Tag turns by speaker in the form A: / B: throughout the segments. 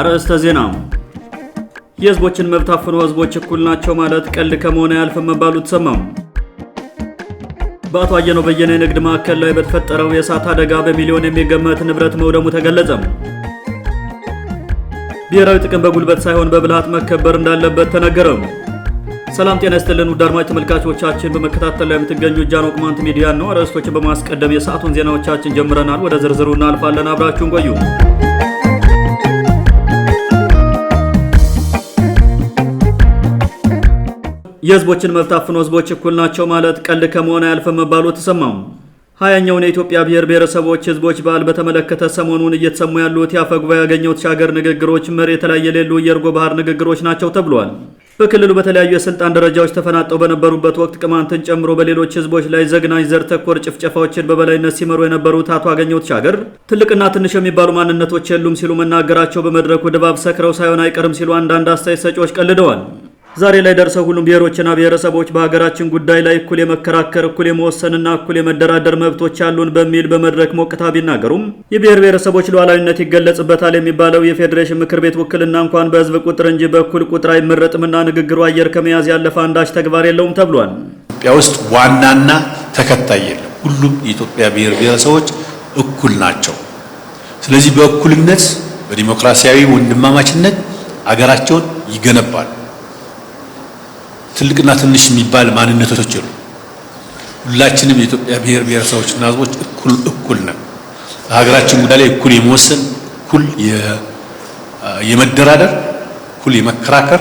A: አርዕስተ ዜና የህዝቦችን መብት አፍኖ ህዝቦች እኩል ናቸው ማለት ቀልድ ከመሆነ ያልፍ መባሉ ተሰማም። በአቶ አየነው በየነ የንግድ ማዕከል ላይ በተፈጠረው የእሳት አደጋ በሚሊዮን የሚገመት ንብረት መውደሙ ተገለጸም። ብሔራዊ ጥቅም በጉልበት ሳይሆን በብልሃት መከበር እንዳለበት ተነገረም። ሰላም ጤና ይስጥልን ውድ አድማጭ ተመልካቾቻችን፣ በመከታተል ላይ የምትገኙ ጃኖ ቅማንት ሚዲያ ነው። አርዕስቶችን በማስቀደም የሰዓቱን ዜናዎቻችን ጀምረናል። ወደ ዝርዝሩ እናልፋለን። አብራችሁን ቆዩ። የህዝቦችን መብት አፍኖ ህዝቦች እኩል ናቸው ማለት ቀልድ ከመሆን አያልፈ መባሉ ተሰማው። ሀያኛውን የኢትዮጵያ ብሔር ብሔረሰቦች ህዝቦች በዓል በተመለከተ ሰሞኑን እየተሰሙ ያሉት የአፈ ጉባኤ ያገኘው ተሻገር ንግግሮች መሬት ላይ የሌሉ የእርጎ ባህር ንግግሮች ናቸው ተብሏል። በክልሉ በተለያዩ የስልጣን ደረጃዎች ተፈናጠው በነበሩበት ወቅት ቅማንትን ጨምሮ በሌሎች ህዝቦች ላይ ዘግናኝ ዘር ተኮር ጭፍጨፋዎችን በበላይነት ሲመሩ የነበሩት አቶ አገኘው ተሻገር ትልቅና ትንሽ የሚባሉ ማንነቶች የሉም ሲሉ መናገራቸው በመድረኩ ድባብ ሰክረው ሳይሆን አይቀርም ሲሉ አንዳንድ አስተያየት ሰጪዎች ቀልደዋል። ዛሬ ላይ ደርሰው ሁሉም ብሔሮችና ብሔረሰቦች በሀገራችን ጉዳይ ላይ እኩል የመከራከር እኩል የመወሰንና እኩል የመደራደር መብቶች አሉን በሚል በመድረክ ሞቅታ ቢናገሩም የብሔር ብሔረሰቦች ሉዓላዊነት ይገለጽበታል የሚባለው የፌዴሬሽን ምክር ቤት ውክልና እንኳን በህዝብ ቁጥር እንጂ በእኩል ቁጥር አይመረጥምና ንግግሩ አየር ከመያዝ ያለፈ አንዳች ተግባር የለውም ተብሏል።
B: ኢትዮጵያ ውስጥ ዋናና ተከታይ የለም። ሁሉም የኢትዮጵያ ብሔር ብሔረሰቦች እኩል ናቸው። ስለዚህ በእኩልነት በዲሞክራሲያዊ ወንድማማችነት አገራቸውን ይገነባል። ትልቅና ትንሽ የሚባል ማንነቶች የሉ። ሁላችንም የኢትዮጵያ ብሔር ብሔረሰቦችና ህዝቦች እኩል እኩል ነን። በሀገራችን ጉዳይ ላይ እኩል የመወሰን እኩል የመደራደር እኩል የመከራከር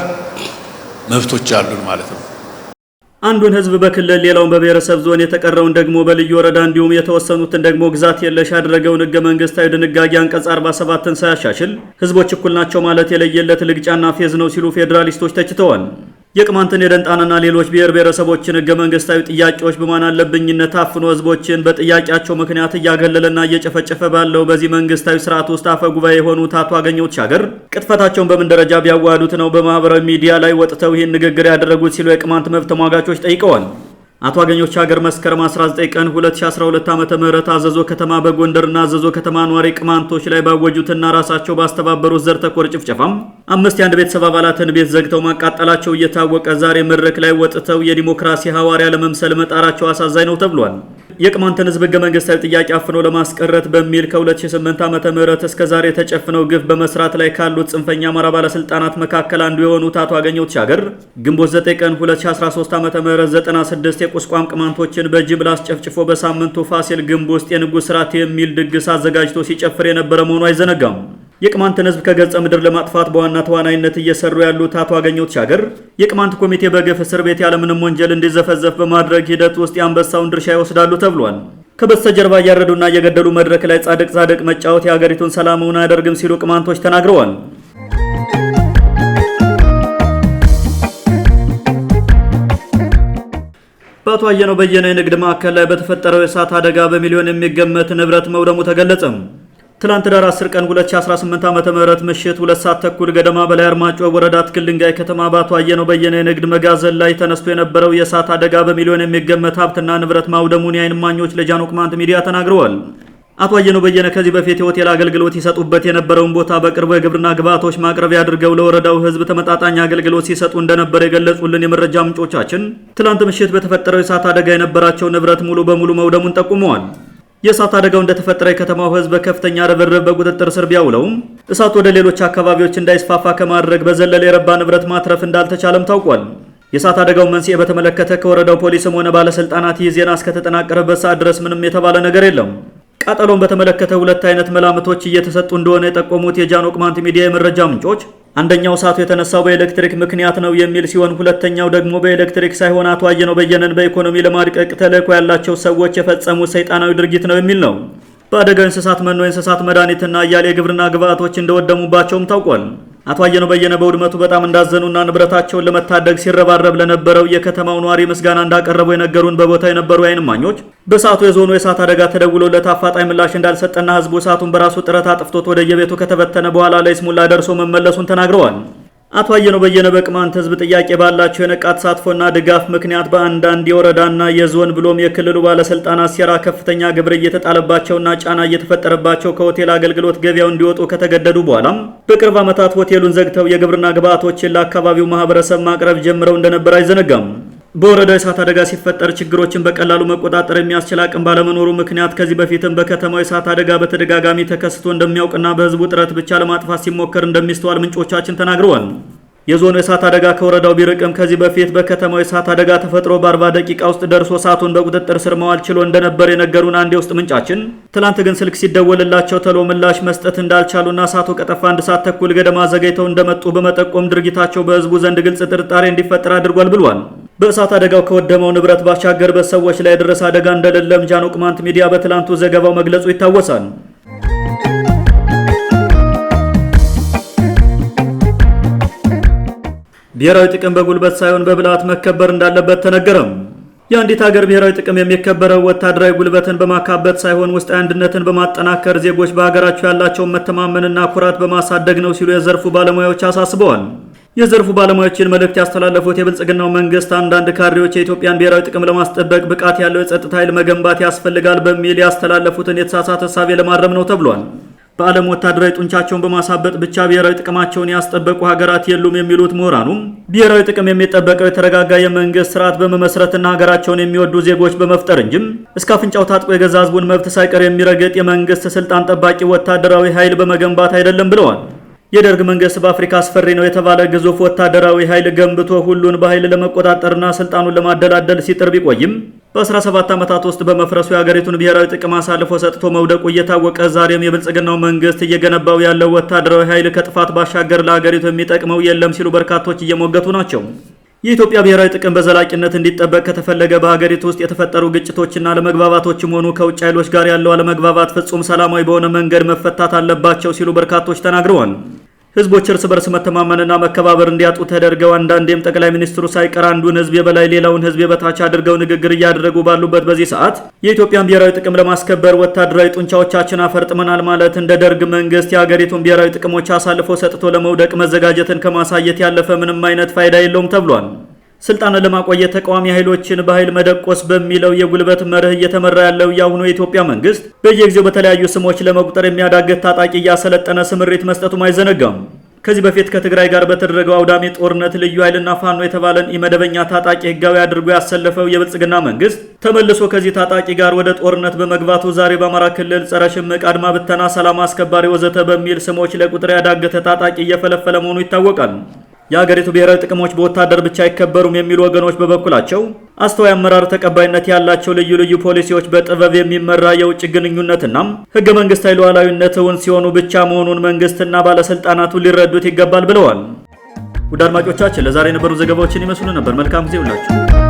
B: መብቶች አሉን ማለት ነው።
A: አንዱን ህዝብ በክልል ሌላውን በብሔረሰብ ዞን የተቀረውን ደግሞ በልዩ ወረዳ እንዲሁም የተወሰኑትን ደግሞ ግዛት የለሽ ያደረገውን ህገ መንግስታዊ ድንጋጌ አንቀጽ 47ን ሳያሻሽል ህዝቦች እኩል ናቸው ማለት የለየለት ልግጫና ፌዝ ነው ሲሉ ፌዴራሊስቶች ተችተዋል። የቅማንትን የደንጣንና ሌሎች ብሔር ብሔረሰቦችን ህገ መንግስታዊ ጥያቄዎች በማን አለብኝነት አፍኖ ህዝቦችን በጥያቄያቸው ምክንያት እያገለለና እየጨፈጨፈ ባለው በዚህ መንግስታዊ ስርዓት ውስጥ አፈ ጉባኤ የሆኑት አቶ አገኘሁ ተሻገር ቅጥፈታቸውን በምን ደረጃ ቢያዋህዱት ነው በማህበራዊ ሚዲያ ላይ ወጥተው ይህን ንግግር ያደረጉት ሲሉ የቅማንት መብት ተሟጋቾች ጠይቀዋል። አቶ አገኞች ሀገር መስከረም 19 ቀን 2012 ዓመተ ምህረት አዘዞ ከተማ በጎንደርና አዘዞ ከተማ ኗሪ ቅማንቶች ላይ ባወጁትና ራሳቸው ባስተባበሩት ዘር ተኮር ጭፍጨፋም አምስት የአንድ ቤተሰብ አባላትን ቤት ዘግተው ማቃጠላቸው እየታወቀ ዛሬ መድረክ ላይ ወጥተው የዲሞክራሲ ሐዋርያ ለመምሰል መጣራቸው አሳዛኝ ነው ተብሏል። የቅማንትን ህዝብ ህገ መንግስታዊ ጥያቄ አፍኖ ለማስቀረት በሚል ከ2008 ዓ ም እስከ ዛሬ የተጨፍነው ግፍ በመስራት ላይ ካሉት ጽንፈኛ አማራ ባለስልጣናት መካከል አንዱ የሆኑት አቶ አገኘሁ ተሻገር ግንቦት 9 ቀን 2013 ዓ ም 96 የቁስቋም ቅማንቶችን በጅምላ አስጨፍጭፎ በሳምንቱ ፋሲል ግንብ ውስጥ የንጉሥ ራት የሚል ድግስ አዘጋጅቶ ሲጨፍር የነበረ መሆኑ አይዘነጋም። የቅማንትን ሕዝብ ከገጸ ምድር ለማጥፋት በዋና ተዋናይነት እየሰሩ ያሉት አቶ አገኘውት ሻገር የቅማንት ኮሚቴ በግፍ እስር ቤት ያለምንም ወንጀል እንዲዘፈዘፍ በማድረግ ሂደት ውስጥ የአንበሳውን ድርሻ ይወስዳሉ ተብሏል። ከበስተጀርባ እያረዱና እየገደሉ መድረክ ላይ ጻድቅ ጻድቅ መጫወት የሀገሪቱን ሰላም እውን አያደርግም ሲሉ ቅማንቶች ተናግረዋል። በአቶ አየነው በየነ የንግድ ማዕከል ላይ በተፈጠረው የእሳት አደጋ በሚሊዮን የሚገመት ንብረት መውደሙ ተገለጸም። ትላንት ዳር 10 ቀን 2018 ዓ.ም ምሽት ሁለት ሰዓት ተኩል ገደማ በላይ አርማጮ ወረዳ ድንጋይ ከተማ በአቶ አየነው በየነ የንግድ መጋዘን ላይ ተነስቶ የነበረው የእሳት አደጋ በሚሊዮን የሚገመት ሀብትና ንብረት ማውደሙን የዓይን ማኞች ለጃኖ ቅማንት ሚዲያ ተናግረዋል። አቶ አየነው በየነ ከዚህ በፊት የሆቴል አገልግሎት ይሰጡበት የነበረውን ቦታ በቅርቡ የግብርና ግብዓቶች ማቅረቢያ አድርገው ለወረዳው ሕዝብ ተመጣጣኝ አገልግሎት ሲሰጡ እንደነበረ የገለጹልን የመረጃ ምንጮቻችን ትላንት ምሽት በተፈጠረው የእሳት አደጋ የነበራቸው ንብረት ሙሉ በሙሉ መውደሙን ጠቁመዋል። የእሳት አደጋው እንደተፈጠረ የከተማው ህዝብ በከፍተኛ ርብርብ በቁጥጥር ስር ቢያውለውም እሳት ወደ ሌሎች አካባቢዎች እንዳይስፋፋ ከማድረግ በዘለለ የረባ ንብረት ማትረፍ እንዳልተቻለም ታውቋል። የእሳት አደጋው መንስኤ በተመለከተ ከወረዳው ፖሊስም ሆነ ባለስልጣናት ይህ ዜና እስከተጠናቀረበት ሰዓት ድረስ ምንም የተባለ ነገር የለም። ቃጠሎን በተመለከተ ሁለት አይነት መላምቶች እየተሰጡ እንደሆነ የጠቆሙት የጃን ቅማንት ሚዲያ የመረጃ ምንጮች አንደኛው እሳቱ የተነሳው በኤሌክትሪክ ምክንያት ነው የሚል ሲሆን ሁለተኛው ደግሞ በኤሌክትሪክ ሳይሆን አቶ አየነው በየነን በኢኮኖሚ ለማድቀቅ ተለኮ ያላቸው ሰዎች የፈጸሙት ሰይጣናዊ ድርጊት ነው የሚል ነው። በአደጋው እንስሳት መኖ፣ የእንስሳት መድኃኒትና እያሌ የግብርና ግብዓቶች እንደወደሙባቸውም ታውቋል። አቶ አየነው በየነ በውድመቱ በጣም እንዳዘኑና ንብረታቸውን ለመታደግ ሲረባረብ ለነበረው የከተማው ነዋሪ ምስጋና እንዳቀረቡ የነገሩን በቦታ የነበሩ የዓይን እማኞች በሰዓቱ የዞኑ የእሳት አደጋ ተደውሎለት አፋጣኝ ምላሽ እንዳልሰጠና ህዝቡ እሳቱን በራሱ ጥረት አጥፍቶት ወደ የቤቱ ከተበተነ በኋላ ለይስሙላ ደርሶ መመለሱን ተናግረዋል። አቶ አየነው በየነ በቅማንት ህዝብ ጥያቄ ባላቸው የነቃ ተሳትፎና ድጋፍ ምክንያት በአንዳንድ የወረዳና የዞን ብሎም የክልሉ ባለስልጣናት ሴራ ከፍተኛ ግብር እየተጣለባቸውና ጫና እየተፈጠረባቸው ከሆቴል አገልግሎት ገበያው እንዲወጡ ከተገደዱ በኋላም በቅርብ ዓመታት ሆቴሉን ዘግተው የግብርና ግብዓቶችን ለአካባቢው ማህበረሰብ ማቅረብ ጀምረው እንደነበር አይዘነጋም። በወረዳ የእሳት አደጋ ሲፈጠር ችግሮችን በቀላሉ መቆጣጠር የሚያስችል አቅም ባለመኖሩ ምክንያት ከዚህ በፊትም በከተማው የእሳት አደጋ በተደጋጋሚ ተከስቶ እንደሚያውቅና በሕዝቡ ጥረት ብቻ ለማጥፋት ሲሞከር እንደሚስተዋል ምንጮቻችን ተናግረዋል። የዞኑ የእሳት አደጋ ከወረዳው ቢርቅም ከዚህ በፊት በከተማው የእሳት አደጋ ተፈጥሮ በ40 ደቂቃ ውስጥ ደርሶ እሳቱን በቁጥጥር ስር መዋል ችሎ እንደነበር የነገሩን አንድ የውስጥ ምንጫችን፣ ትላንት ግን ስልክ ሲደወልላቸው ተሎ ምላሽ መስጠት እንዳልቻሉና እሳቱ ከጠፋ አንድ ሰዓት ተኩል ገደማ ዘገይተው እንደመጡ በመጠቆም ድርጊታቸው በህዝቡ ዘንድ ግልጽ ጥርጣሬ እንዲፈጠር አድርጓል ብሏል። በእሳት አደጋው ከወደመው ንብረት ባሻገር በሰዎች ላይ የደረሰ አደጋ እንደሌለም ጃኖ ቅማንት ሚዲያ በትላንቱ ዘገባው መግለጹ ይታወሳል። ብሔራዊ ጥቅም በጉልበት ሳይሆን በብልሃት መከበር እንዳለበት ተነገረም። የአንዲት ሀገር ብሔራዊ ጥቅም የሚከበረው ወታደራዊ ጉልበትን በማካበት ሳይሆን ውስጣዊ አንድነትን በማጠናከር ዜጎች በሀገራቸው ያላቸውን መተማመንና ኩራት በማሳደግ ነው ሲሉ የዘርፉ ባለሙያዎች አሳስበዋል። የዘርፉ ባለሙያዎችን መልእክት ያስተላለፉት የብልጽግናው መንግስት አንዳንድ ካድሬዎች የኢትዮጵያን ብሔራዊ ጥቅም ለማስጠበቅ ብቃት ያለው የጸጥታ ኃይል መገንባት ያስፈልጋል በሚል ያስተላለፉትን የተሳሳተ እሳቤ ለማረም ነው ተብሏል። በዓለም ወታደራዊ ጡንቻቸውን በማሳበጥ ብቻ ብሔራዊ ጥቅማቸውን ያስጠበቁ ሀገራት የሉም የሚሉት ምሁራኑ ብሔራዊ ጥቅም የሚጠበቀው የተረጋጋ የመንግስት ስርዓት በመመስረትና ሀገራቸውን የሚወዱ ዜጎች በመፍጠር እንጂም እስከ አፍንጫው ታጥቆ የገዛ ህዝቡን መብት ሳይቀር የሚረገጥ የመንግስት ስልጣን ጠባቂ ወታደራዊ ኃይል በመገንባት አይደለም ብለዋል። የደርግ መንግስት በአፍሪካ አስፈሪ ነው የተባለ ግዙፍ ወታደራዊ ኃይል ገንብቶ ሁሉን በኃይል ለመቆጣጠርና ስልጣኑን ለማደላደል ሲጥር ቢቆይም በ17 ዓመታት ውስጥ በመፍረሱ የሀገሪቱን ብሔራዊ ጥቅም አሳልፎ ሰጥቶ መውደቁ እየታወቀ ዛሬም የብልጽግናው መንግስት እየገነባው ያለው ወታደራዊ ኃይል ከጥፋት ባሻገር ለሀገሪቱ የሚጠቅመው የለም ሲሉ በርካቶች እየሞገቱ ናቸው። የኢትዮጵያ ብሔራዊ ጥቅም በዘላቂነት እንዲጠበቅ ከተፈለገ በሀገሪቱ ውስጥ የተፈጠሩ ግጭቶችና አለመግባባቶችም ሆኑ ከውጭ ኃይሎች ጋር ያለው አለመግባባት ፍጹም ሰላማዊ በሆነ መንገድ መፈታት አለባቸው ሲሉ በርካቶች ተናግረዋል። ህዝቦች እርስ በርስ መተማመንና መከባበር እንዲያጡ ተደርገው አንዳንዴም ጠቅላይ ሚኒስትሩ ሳይቀር አንዱን ህዝብ የበላይ ሌላውን ህዝብ የበታች አድርገው ንግግር እያደረጉ ባሉበት በዚህ ሰዓት የኢትዮጵያን ብሔራዊ ጥቅም ለማስከበር ወታደራዊ ጡንቻዎቻችን አፈርጥመናል ማለት እንደ ደርግ መንግስት የሀገሪቱን ብሔራዊ ጥቅሞች አሳልፎ ሰጥቶ ለመውደቅ መዘጋጀትን ከማሳየት ያለፈ ምንም አይነት ፋይዳ የለውም ተብሏል። ስልጣንን ለማቆየት ተቃዋሚ ኃይሎችን በኃይል መደቆስ በሚለው የጉልበት መርህ እየተመራ ያለው የአሁኑ የኢትዮጵያ መንግስት በየጊዜው በተለያዩ ስሞች ለመቁጠር የሚያዳግት ታጣቂ እያሰለጠነ ስምሪት መስጠቱም አይዘነጋም። ከዚህ በፊት ከትግራይ ጋር በተደረገው አውዳሚ ጦርነት ልዩ ኃይልና ፋኖ የተባለን ኢመደበኛ ታጣቂ ህጋዊ አድርጎ ያሰለፈው የብልጽግና መንግስት ተመልሶ ከዚህ ታጣቂ ጋር ወደ ጦርነት በመግባቱ ዛሬ በአማራ ክልል ጸረ ሽምቅ፣ አድማ ብተና፣ ሰላም አስከባሪ ወዘተ በሚል ስሞች ለቁጥር ያዳገተ ታጣቂ እየፈለፈለ መሆኑ ይታወቃል። የአገሪቱ ብሔራዊ ጥቅሞች በወታደር ብቻ አይከበሩም የሚሉ ወገኖች በበኩላቸው አስተዋይ አመራር ተቀባይነት ያላቸው ልዩ ልዩ ፖሊሲዎች በጥበብ የሚመራ የውጭ ግንኙነትና ህገ መንግስታዊ ሉዓላዊነት እውን ሲሆኑ ብቻ መሆኑን መንግስትና ባለስልጣናቱ ሊረዱት ይገባል ብለዋል። ውድ አድማጮቻችን ለዛሬ የነበሩ ዘገባዎችን ይመስሉ ነበር። መልካም ጊዜ ሁላችሁ።